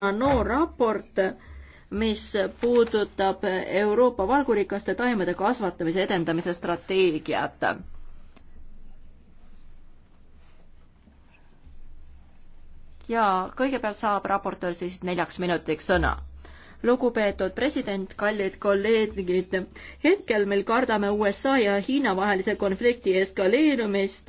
noor raport, mis puudutab Euroopa valgurikaste taimede kasvatamise edendamise strateegiat. ja kõigepealt saab raportöör siis neljaks minutiks sõna lugupeetud president, kallid kolleegid, hetkel meil kardame USA ja Hiina vahelise konflikti eskaleerumist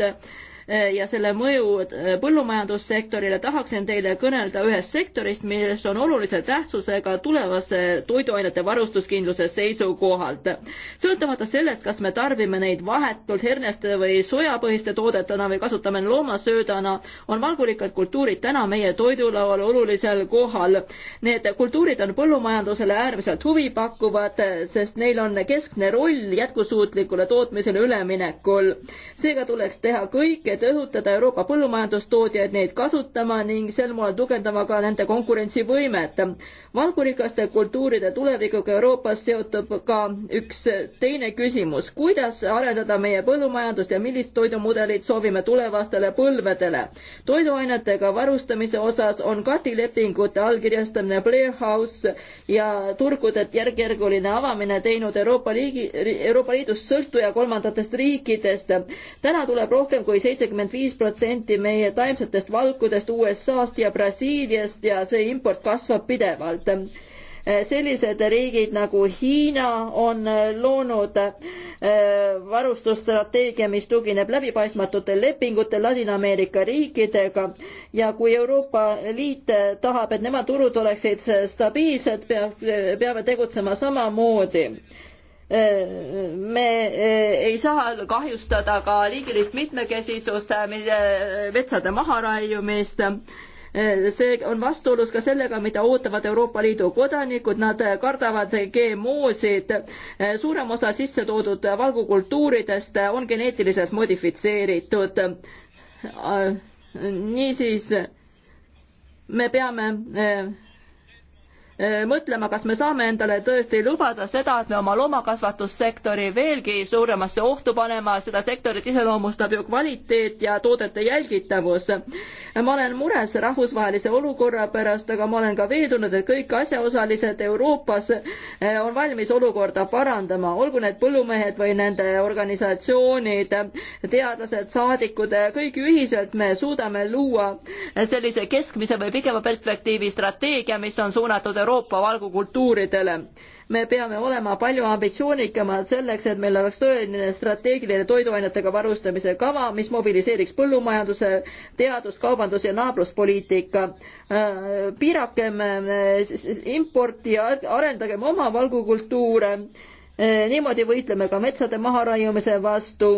Eh, ja selle mõju eh, põllumajandussektorile, tahaksin teile kõnelda ühest sektorist, mis on olulise tähtsusega tulevase toiduainete varustuskindluse seisukohalt. sõltumata sellest, kas me tarbime neid vahetult herneste või sojapõhiste toodetena või kasutame loomasöödana, on valgurikkad kultuurid täna meie toidulaual olulisel kohal. Need kultuurid on põllumajandusele äärmiselt huvipakkuvad, sest neil on keskne roll jätkusuutlikule tootmisele üleminekul. seega tuleks teha kõik, et et õhutada Euroopa põllumajandustootjaid neid kasutama ning sel moel tugevdama ka nende konkurentsivõimet. valgurikaste kultuuride tulevikuga Euroopas seotub ka üks teine küsimus, kuidas arendada meie põllumajandust ja millist toidumudelit soovime tulevastele põlvedele. toiduainetega varustamise osas on Kati lepingute allkirjastamine Blair House ja turgude järk-järguline avamine teinud Euroopa liigi, Euroopa Liidust sõltuja kolmandatest riikidest. täna tuleb rohkem kui seitse nelikümmend viis protsenti meie taimsetest valkudest USA-st ja Brasiiliast ja see import kasvab pidevalt sellised riigid nagu Hiina on loonud äh, varustusstrateegia, mis tugineb läbipaistmatul lepingutel Ladina-Ameerika riikidega ja kui Euroopa Liit tahab, et nemad turud oleksid stabiilsed, peab, peame tegutsema samamoodi me eh, ei saa kahjustada ka liigilist mitmekesisust, eh, eh, metsade maharaiumist see on vastuolus ka sellega, mida ootavad Euroopa Liidu kodanikud, nad kardavad GMO-sid. suurem osa sisse toodud valgukultuuridest on geneetiliselt modifitseeritud. niisiis me peame Äh, mõtlema, kas me saame endale tõesti lubada seda, et me oma loomakasvatussektori veelgi suuremasse ohtu panema, seda sektorit iseloomustab ju kvaliteet ja toodete jälgitavus. ma olen mures rahvusvahelise olukorra pärast, aga ma olen ka veendunud, et kõik asjaosalised Euroopas äh, on valmis olukorda parandama, olgu need põllumehed või nende organisatsioonid, teadlased, saadikud, äh, kõik ühiselt me suudame luua sellise keskmise või pikema perspektiivi strateegia, mis on suunatud Euroopa Euroopa valgukultuuridele. me peame olema palju ambitsioonikamad selleks, et meil oleks tõeline strateegiline toiduainetega varustamise kava, mis mobiliseeriks põllumajanduse, teadus, kaubandus ja naabruspoliitika. Äh, piirakem äh, importi ja arendagem oma valgukultuure Äh, niimoodi võitleme ka metsade maharaiumise vastu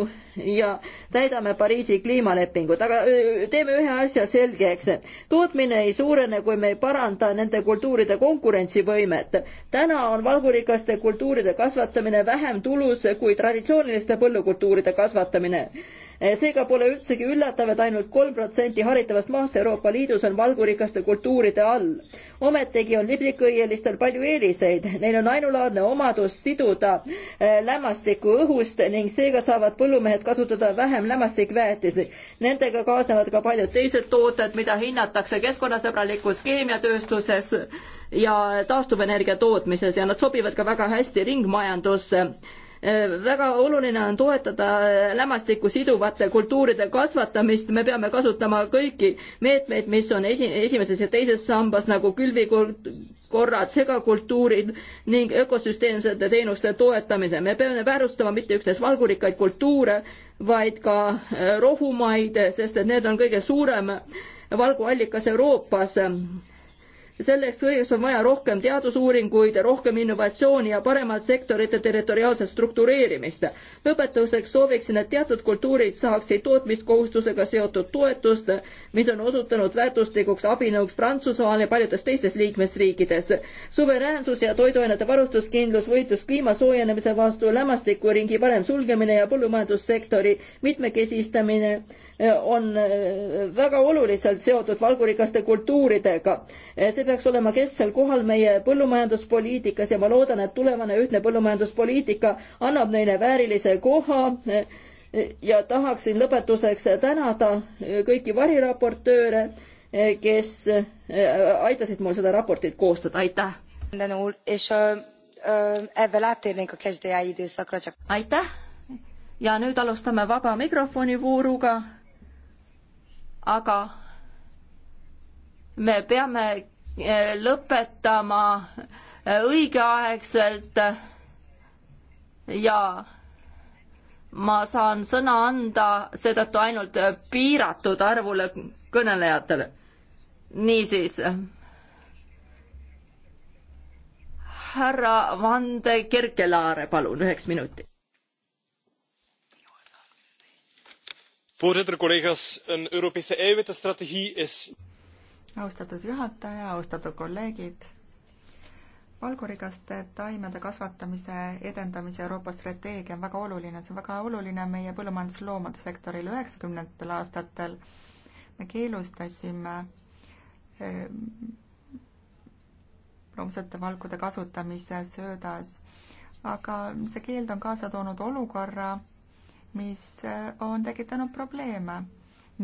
ja täidame Pariisi kliimalepingut, aga äh, teeme ühe asja selgeks. tootmine ei suurene, kui me ei paranda nende kultuuride konkurentsivõimet. täna on valgurikaste kultuuride kasvatamine vähem tulus kui traditsiooniliste põllukultuuride kasvatamine Eh, seega pole üldsegi üllatav, et ainult kolm protsenti haritavast maast Euroopa Liidus on valgurikaste kultuuride all. ometigi on liblikõielistel palju eeliseid, neil on ainulaadne omadus siduda eh, lämmastikku õhust ning seega saavad põllumehed kasutada vähem lämmastikväetisi. Nendega kaasnevad ka paljud teised tooted, mida hinnatakse keskkonnasõbralikus keemiatööstuses ja taastuvenergia tootmises ja nad sobivad ka väga hästi ringmajandusse Äh, väga oluline on toetada äh, lämmastikku siduvate kultuuride kasvatamist, me peame kasutama kõiki meetmeid, mis on esi, esimeses ja teises sambas nagu külvikorrad, segakultuurid ning ökosüsteemsete teenuste toetamise. me peame väärtustama mitte üksnes valgurikkaid kultuure, vaid ka äh, rohumaid, sest et need on kõige suurem valguallikas Euroopas selleks kõigeks on vaja rohkem teadusuuringuid, rohkem innovatsiooni ja paremat sektorite territoriaalset struktureerimist. lõpetuseks sooviksin, et teatud kultuurid saaksid tootmiskohustusega seotud toetust, mis on osutunud väärtuslikuks abinõuks Prantsusmaal ja paljudes teistes liikmesriikides. suveräänsus ja toiduainete varustuskindlus, võitlus kliima soojenemise vastu, lämmastikuringi parem sulgemine ja põllumajandussektori mitmekesistamine eh, on eh, väga oluliselt seotud valgurikaste kultuuridega. Eh, see peaks olema kesksel kohal meie põllumajanduspoliitikas ja ma loodan, et tulevane ühtne põllumajanduspoliitika annab neile väärilise koha. ja tahaksin lõpetuseks tänada kõiki variraportööre, kes aitasid mul seda raportit koostada, aitäh! aitäh ja nüüd alustame vaba mikrofoni vooruga. aga me peame Eh, lõpetama eh, õigeaegselt ja ma saan sõna anda seetõttu ainult piiratud arvule kõnelejatele. niisiis, härra Vande Kerkelaare, palun üheks minutiks. voorzitter collega's een europese eiwittenstrategie is austatud juhataja, austatud kolleegid. valgurikaste taimede kasvatamise edendamise Euroopa strateegia on väga oluline, see on väga oluline meie põllumajandusloomade sektorile üheksakümnendatel aastatel. me keelustasime eh, loomsete valkude kasutamise söödas, aga see keeld on kaasa toonud olukorra, mis eh, on tekitanud probleeme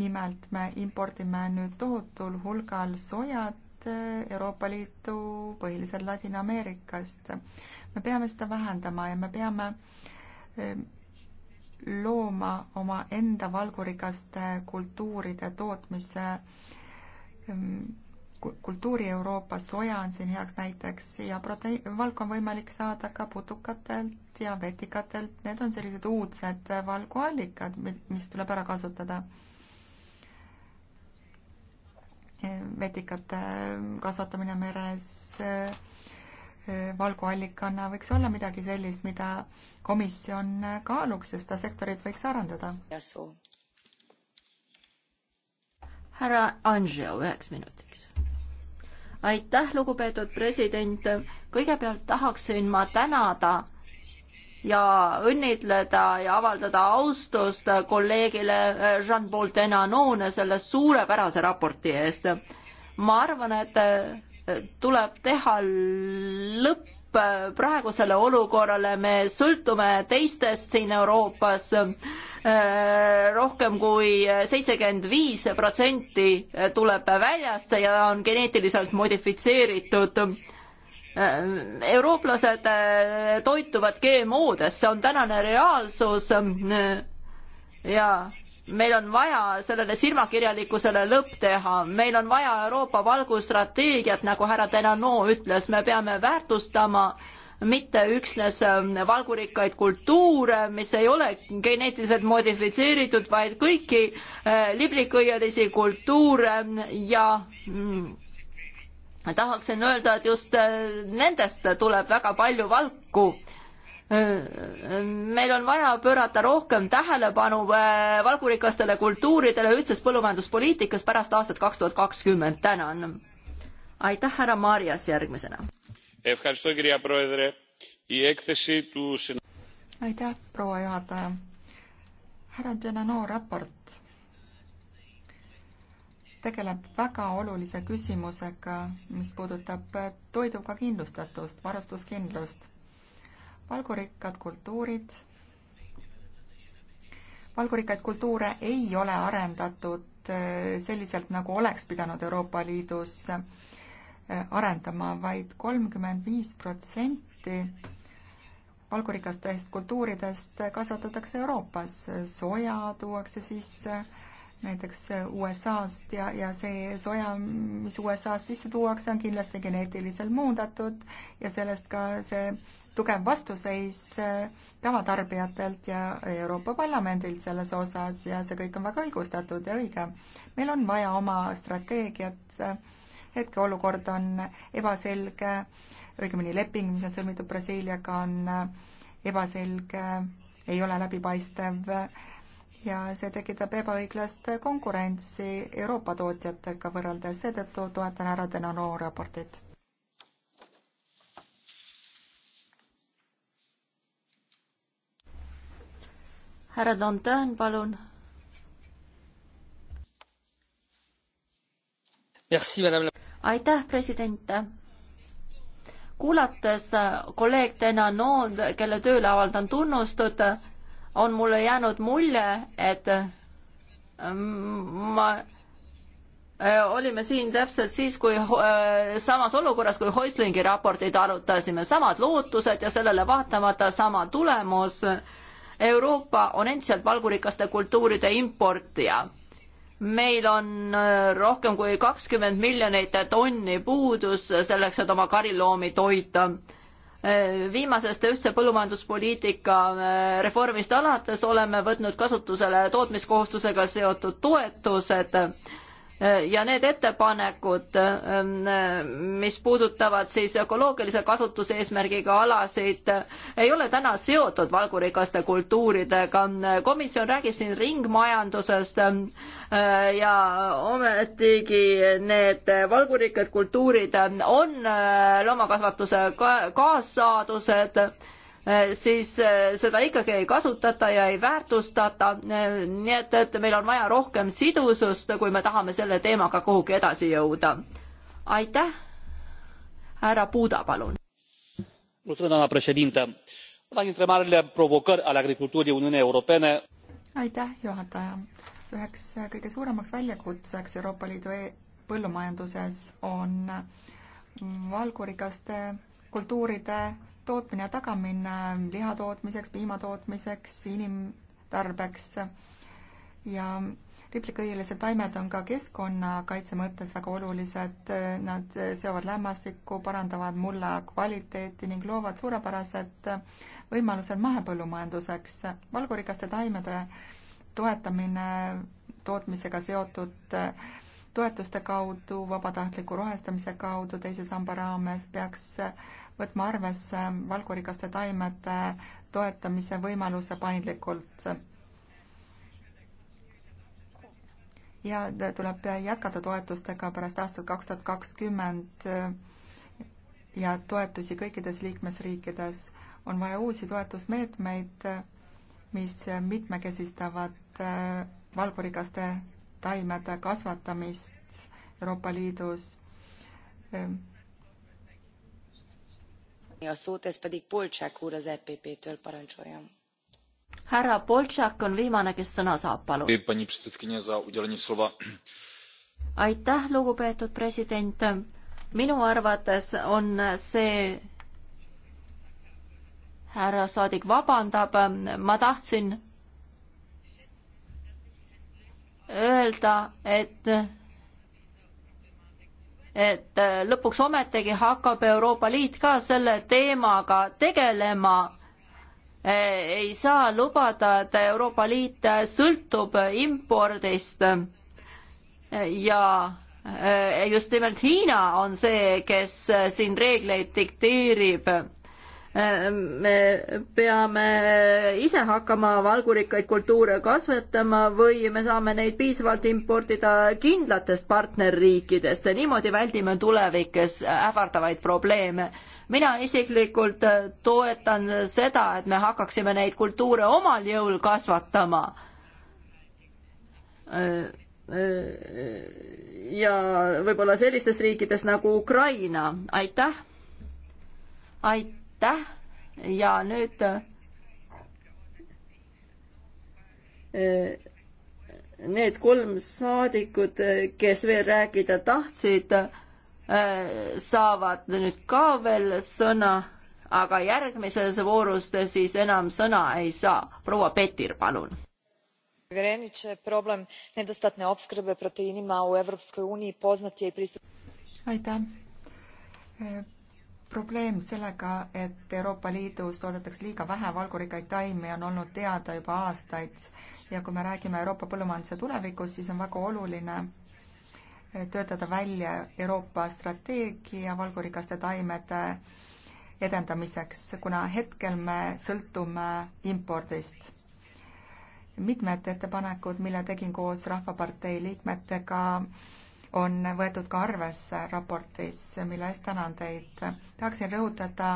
nimelt me impordime nüüd tohutul hulgal sojad äh, Euroopa Liitu põhiliselt Ladina-Ameerikast. me peame seda vähendama ja me peame ähm, looma omaenda valgurikaste kultuuride tootmise ähm, kultuuri Euroopa soja on siin heaks näiteks ja protei-, valku on võimalik saada ka putukatelt ja vetikatelt, need on sellised uudsed valguallikad, mis tuleb ära kasutada vetikate äh, kasvatamine meres äh, äh, valguallikana võiks olla midagi sellist, mida komisjon kaaluks ja seda sektorit võiks arendada. härra Anžel üheks minutiks. aitäh, lugupeetud president. kõigepealt tahaksin ma tänada ja õnnitleda ja avaldada austust kolleegile äh, Jean-Paul Denanone selle suurepärase raporti eest. ma arvan, et äh, tuleb teha lõpp äh, praegusele olukorrale, me sõltume teistest siin Euroopas rohkem kui seitsekümmend viis protsenti tuleb väljast ja on geneetiliselt modifitseeritud Äh, eurooplased äh, toituvad GMO-dest, see on tänane reaalsus äh, ja meil on vaja sellele silmakirjalikkusele lõpp teha, meil on vaja Euroopa valgustrateegiat, nagu härra Denano ütles, me peame väärtustama mitte üksnes ähm, valgurikkaid kultuure, mis ei ole geneetiliselt modifitseeritud, vaid kõiki liblikõielisi kultuure ja mm, tahaksin öelda, et just äh, nendest tuleb väga palju valku. Äh, äh, meil on vaja pöörata rohkem tähelepanu valgurikastele kultuuridele ühtses põllumajanduspoliitikas pärast aastat kaks tuhat kakskümmend, tänan. aitäh, härra Marias, järgmisena. aitäh, proua juhataja. härra Denanoo raport tegeleb väga olulise küsimusega, mis puudutab toiduga kindlustatust, varustuskindlust. valgurikkad kultuurid, valgurikkaid kultuure ei ole arendatud eh, selliselt, nagu oleks pidanud Euroopa Liidus eh, arendama vaid, vaid kolmkümmend viis protsenti valgurikastest kultuuridest kasvatatakse Euroopas. soja tuuakse sisse näiteks USA-st ja, ja see soja, mis USA-st sisse tuuakse, on kindlasti geneetiliselt muundatud ja sellest ka see tugev vastuseis äh, tavatarbijatelt ja Euroopa Parlamendilt selles osas ja see kõik on väga õigustatud ja õige. meil on vaja oma strateegiat, hetkeolukord on ebaselge, õigemini leping, mis on sõlmitud Brasiiliaga, on äh, ebaselge, ei ole läbipaistev ja see tekitab ebaõiglast konkurentsi Euroopa tootjatega võrreldes, seetõttu toetan härra Denano raportit. härra Dantin, palun. aitäh, president kuulates kolleeg Denanod, kelle tööle avaldan tunnustust, on mulle jäänud mulje, et mm, ma e, olime siin täpselt siis, kui e, samas olukorras, kui Häuslingi raportit arutasime, samad lootused ja sellele vaatamata sama tulemus. Euroopa on endiselt valgurikaste kultuuride importija. meil on e, rohkem kui kakskümmend miljonit tonni puudus selleks, et oma kariloomi toita viimasest ühtse põllumajanduspoliitika äh, reformist alates oleme võtnud kasutusele tootmiskohustusega seotud toetused ja need ettepanekud, ähm, mis puudutavad siis ökoloogilise kasutuse eesmärgiga alasid, ei ole täna seotud valgurikaste kultuuridega. komisjon räägib siin ringmajandusest ähm, äh, ja ometigi need valgurikkad kultuurid on äh, loomakasvatuse kaassaadused Eh, siis eh, seda ikkagi ei kasutata ja ei väärtustata. Eh, nii et, et meil on vaja rohkem sidusust, kui me tahame selle teemaga kuhugi edasi jõuda. aitäh. härra Puuda, palun. doamna președintă, una dintre marile provocări ale agriculturii Uniunii Europene. aitäh, juhataja. üheks kõige suuremaks väljakutseks Euroopa Liidu e põllumajanduses on valgurikaste kultuuride tootmine ja tagamine liha tootmiseks, piima tootmiseks, inimtarbeks ja riplikõielised taimed on ka keskkonnakaitse mõttes väga olulised, nad seovad lämmastikku, parandavad mulla kvaliteeti ning loovad suurepärased võimalused mahepõllumajanduseks. valgurikaste taimede toetamine tootmisega seotud toetuste kaudu, vabatahtliku rohestamise kaudu teise samba raames peaks võtma arvesse valgurikaste taimede toetamise võimaluse paindlikult. ja tuleb jätkata toetustega pärast aastat kaks tuhat kakskümmend ja toetusi kõikides liikmesriikides. on vaja uusi toetusmeetmeid, mis mitmekesistavad valgurikaste taimede kasvatamist Euroopa Liidus a szót, ez pedig Polcsák úr az EPP-től parancsoljon. Härra Polcsák on viimane, kes sõna saab, palun. aitäh, lugupeetud president. minu arvates on see härra saadik vabandab, ma tahtsin öelda, et et äh, lõpuks ometigi hakkab Euroopa Liit ka selle teemaga tegelema. Äh, ei saa lubada, et Euroopa Liit sõltub impordist ja äh, just nimelt Hiina on see, kes siin reegleid dikteerib me peame ise hakkama valgurikkaid kultuure kasvatama või me saame neid piisavalt importida kindlatest partnerriikidest ja niimoodi väldime tulevikus ähvardavaid probleeme. mina isiklikult toetan seda, et me hakkaksime neid kultuure omal jõul kasvatama ja võib-olla sellistest riikidest nagu Ukraina, aitäh! aitäh! aitäh ja nüüd äh, need kolm saadikut, kes veel rääkida tahtsid, äh, saavad nüüd ka veel sõna, aga järgmises voorus te siis enam sõna ei saa. proua Petir, palun povjerenie problem nedostatne opskrbe proteinima u europskoj uniji poznat je i prisutan probleem sellega, et Euroopa Liidus toodetakse liiga vähe valgurikkaid taimi, on olnud teada juba aastaid ja kui me räägime Euroopa põllumajanduse tulevikust, siis on väga oluline töötada välja Euroopa strateegia valgurikaste taimede edendamiseks, kuna hetkel me sõltume impordist. mitmed ettepanekud, mille tegin koos Rahvapartei liikmetega, on võetud ka arvesse raportis, mille eest tänan teid. tahaksin rõhutada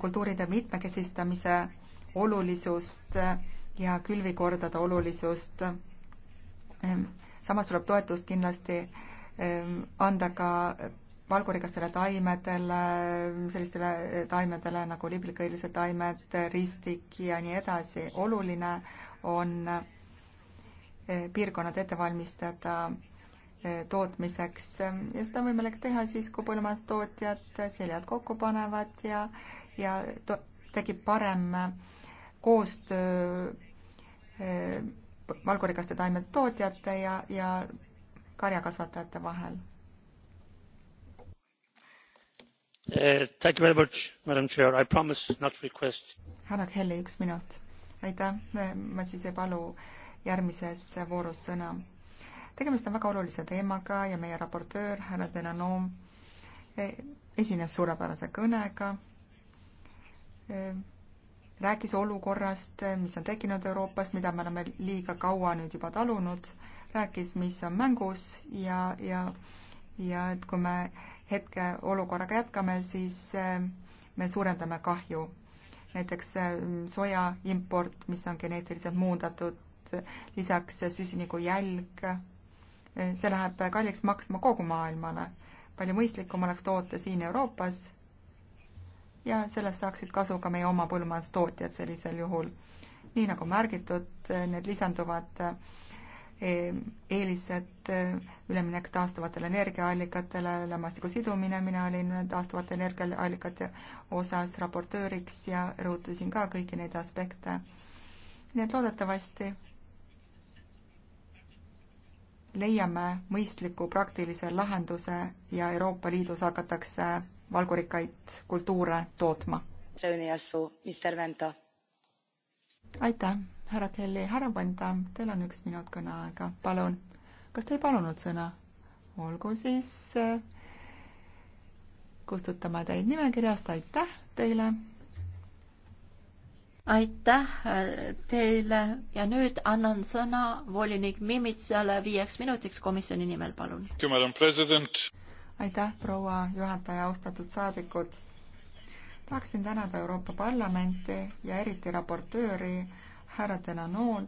kultuuride mitmekesistamise olulisust ja külvikordade olulisust. samas tuleb toetust kindlasti ehm, anda ka valgurikastele taimedele, sellistele taimedele nagu liblikõilised taimed, ristik ja nii edasi. oluline on eh, piirkonnad ette valmistada Eh, tootmiseks ja seda on võimalik teha siis, kui põllumajandustootjad seljad kokku panevad ja, ja to-, tekib parem eh, koostöö eh, valgurikaste taimede tootjate ja, ja karjakasvatajate vahel. härra Kelly, üks minut. aitäh, ma siis ei palu järgmises voorus sõna tegemist on väga olulise teemaga ja meie raportöör härra Denanum e, esines suurepärase kõnega, e, rääkis olukorrast, mis on tekkinud Euroopas, mida me oleme liiga kaua nüüd juba talunud, rääkis, mis on mängus ja, ja, ja et kui me hetkeolukorraga jätkame, siis e, me suurendame kahju. näiteks soja import, mis on geneetiliselt muundatud, lisaks süsinikujälg see läheb kalliks maksma kogu maailmale. palju mõistlikum oleks toota siin Euroopas ja sellest saaksid kasu ka meie oma põllumajandustootjad sellisel juhul. nii nagu märgitud, need lisanduvad e, eelised, e, üleminek taastuvatele energiaallikatele, lämmastiku sidumine, mina olin taastuvate energiaallikate osas raportööriks ja rõhutasin ka kõiki neid aspekte. nii et loodetavasti leiame mõistliku praktilise lahenduse ja Euroopa Liidus hakatakse valgurikkaid kultuure tootma. aitäh, härra Kelly, härra Vanda, teil on üks minut kõneaega, palun. kas te ei palunud sõna? olgu siis, äh, kustutame teid nimekirjast, aitäh teile aitäh äh, teile ja nüüd annan sõna volinik Mimitsale viieks minutiks komisjoni nimel, palun. aitäh, proua juhataja, austatud saadikud. tahaksin tänada Euroopa Parlamenti ja eriti raportööri härra Denanol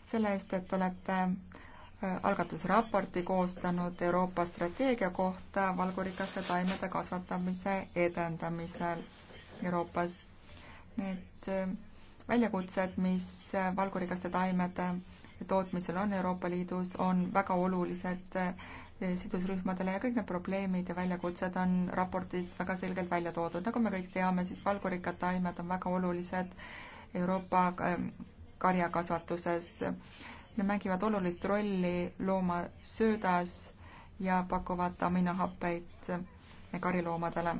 selle eest, et olete äh, algatusraporti koostanud Euroopa strateegia kohta valgurikaste taimede kasvatamise edendamisel Euroopas need äh, väljakutsed, mis äh, valgurikaste taimede äh, tootmisel on Euroopa Liidus, on väga olulised sidusrühmadele ja kõik need probleemid ja väljakutsed on raportis väga selgelt välja toodud. nagu me kõik teame, siis valgurikkad taimed on väga olulised Euroopa ähm, karjakasvatuses. Nad mängivad olulist rolli loomasöödas ja pakuvad aminohappeid kariloomadele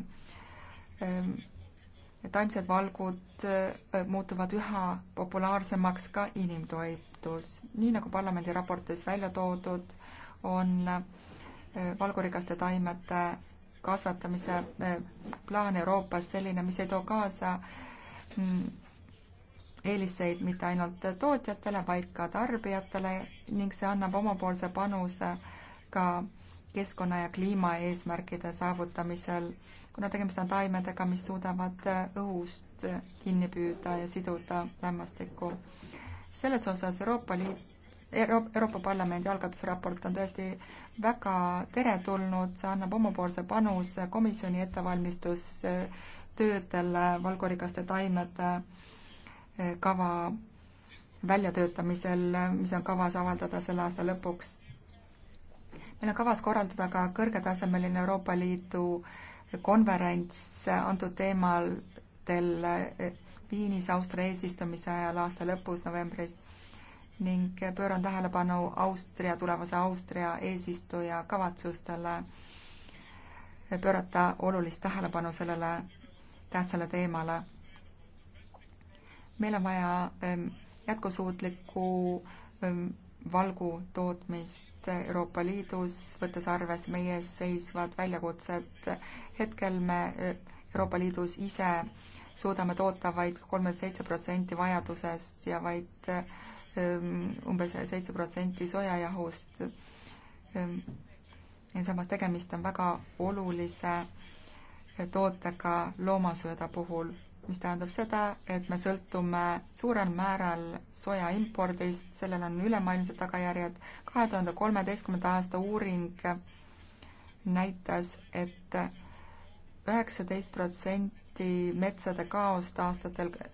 ähm, taimsed valgud äh, muutuvad üha populaarsemaks ka inimtoitlus. nii nagu parlamendi raportis välja toodud, on äh, valgurikaste taimede kasvatamise äh, plaan Euroopas selline, mis ei too kaasa mm, eeliseid mitte ainult tootjatele, vaid ka tarbijatele ning see annab omapoolse panuse ka keskkonna ja kliimaeesmärkide saavutamisel kuna tegemist on taimedega, mis suudavad äh, õhust äh, kinni püüda ja siduda lämmastikku. selles osas Euroopa Liit Euro Euroopa Parlamendi algatusraport on tõesti väga teretulnud, see annab omapoolse panuse komisjoni ettevalmistustöödele valgurikaste taimede äh, kava väljatöötamisel, mis on kavas avaldada selle aasta lõpuks. meil on kavas korraldada ka kõrgetasemeline Euroopa Liidu äh, konverents antud teemadel eh, Viinis Austria eesistumise ajal aasta lõpus novembris ning pööran tähelepanu Austria, tulevase Austria eesistuja kavatsustele pöörata olulist tähelepanu sellele tähtsale teemale. meil on vaja ehm, jätkusuutlikku ehm, valgu tootmist Euroopa Liidus, võttes arvesse meie ees seisvad väljakutsed. hetkel me Euroopa Liidus ise suudame toota vaid kolmkümmend seitse protsenti vajadusest ja vaid ähm, umbes seitse protsenti sojajahust. Ähm, samas tegemist on väga olulise tootega loomasööda puhul mis tähendab seda, et me sõltume suurel määral soja impordist, sellel on ülemaailmsed tagajärjed. kahe tuhande kolmeteistkümnenda aasta uuring näitas et, et üheksateist protsenti metsade kaost aastatel eh,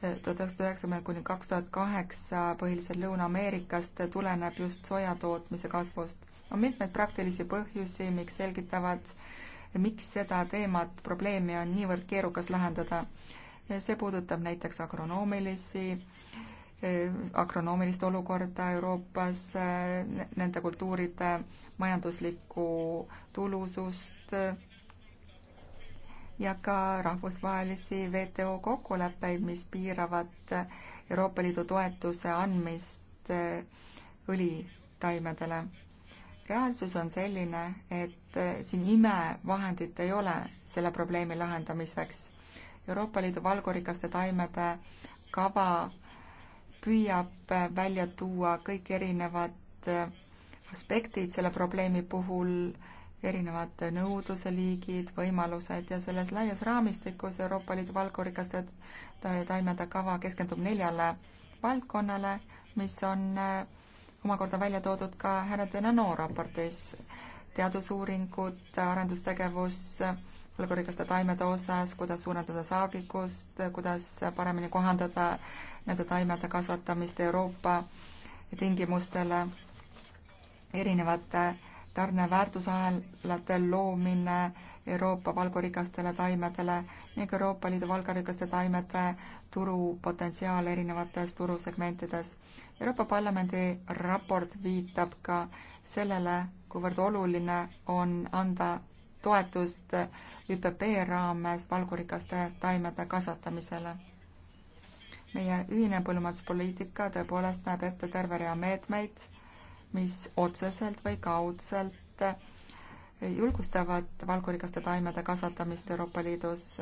tuhat üheksasada üheksakümmend kuni kaks tuhat kaheksa põhiliselt Lõuna-Ameerikast tuleneb just soja tootmise kasvust. on mitmeid praktilisi põhjusi, miks selgitavad äh, miks seda teemat, probleemi on niivõrd keerukas lahendada. see puudutab näiteks agronoomilisi, eh, agronoomilist olukorda Euroopas, eh, nende kultuuride majanduslikku tulusust ja ka rahvusvahelisi WTO kokkuleppeid, mis piiravad Euroopa Liidu toetuse andmist eh, õlitaimedele reaalsus on selline, et eh, siin imevahendit ei ole selle probleemi lahendamiseks. Euroopa Liidu valgurikaste taimede kava püüab eh, välja tuua kõik erinevad eh, aspektid selle probleemi puhul, erinevad nõudluse liigid, võimalused ja selles laias raamistikus Euroopa Liidu valgurikaste taimede kava keskendub neljale valdkonnale, mis on äh, omakorda välja toodud ka härra Denano raportis. teadusuuringud, arendustegevus, hulgurikaste taimede osas, kuidas suurendada saagikust, kuidas paremini kohandada nende taimede kasvatamist Euroopa tingimustele, erinevate tarne väärtusahelate loomine Euroopa valgurikastele taimedele ning Euroopa Liidu valgurikaste taimede turupotentsiaal erinevates turusegmentides. Euroopa Parlamendi raport viitab ka sellele, kuivõrd oluline on anda toetust ÜPP raames valgurikaste taimede kasvatamisele. meie ühine põllumajanduspoliitika tõepoolest näeb ette terve rea meetmeid mis otseselt või kaudselt julgustavad valgurikaste taimede kasvatamist Euroopa Liidus.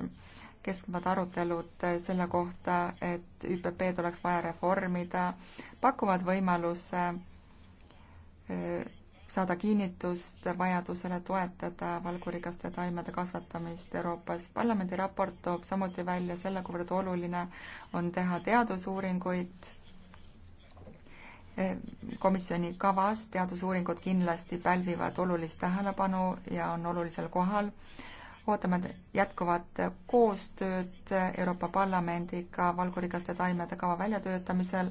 keskvad arutelud selle kohta, et ÜPP-d oleks vaja reformida, pakuvad võimaluse e, saada kinnitust vajadusele toetada valgurikaste taimede kasvatamist Euroopas. parlamendi raport toob samuti välja selle, kuivõrd oluline on teha teadusuuringuid komisjoni kavas teadusuuringud kindlasti pälvivad olulist tähelepanu ja on olulisel kohal. ootame jätkuvat koostööd Euroopa Parlamendiga valgurikaste taimede kava väljatöötamisel.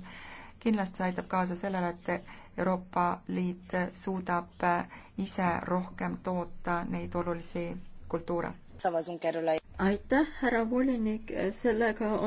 kindlasti aitab kaasa sellele, et Euroopa Liit suudab ise rohkem toota neid olulisi kultuure. aitäh, härra volinik, sellega on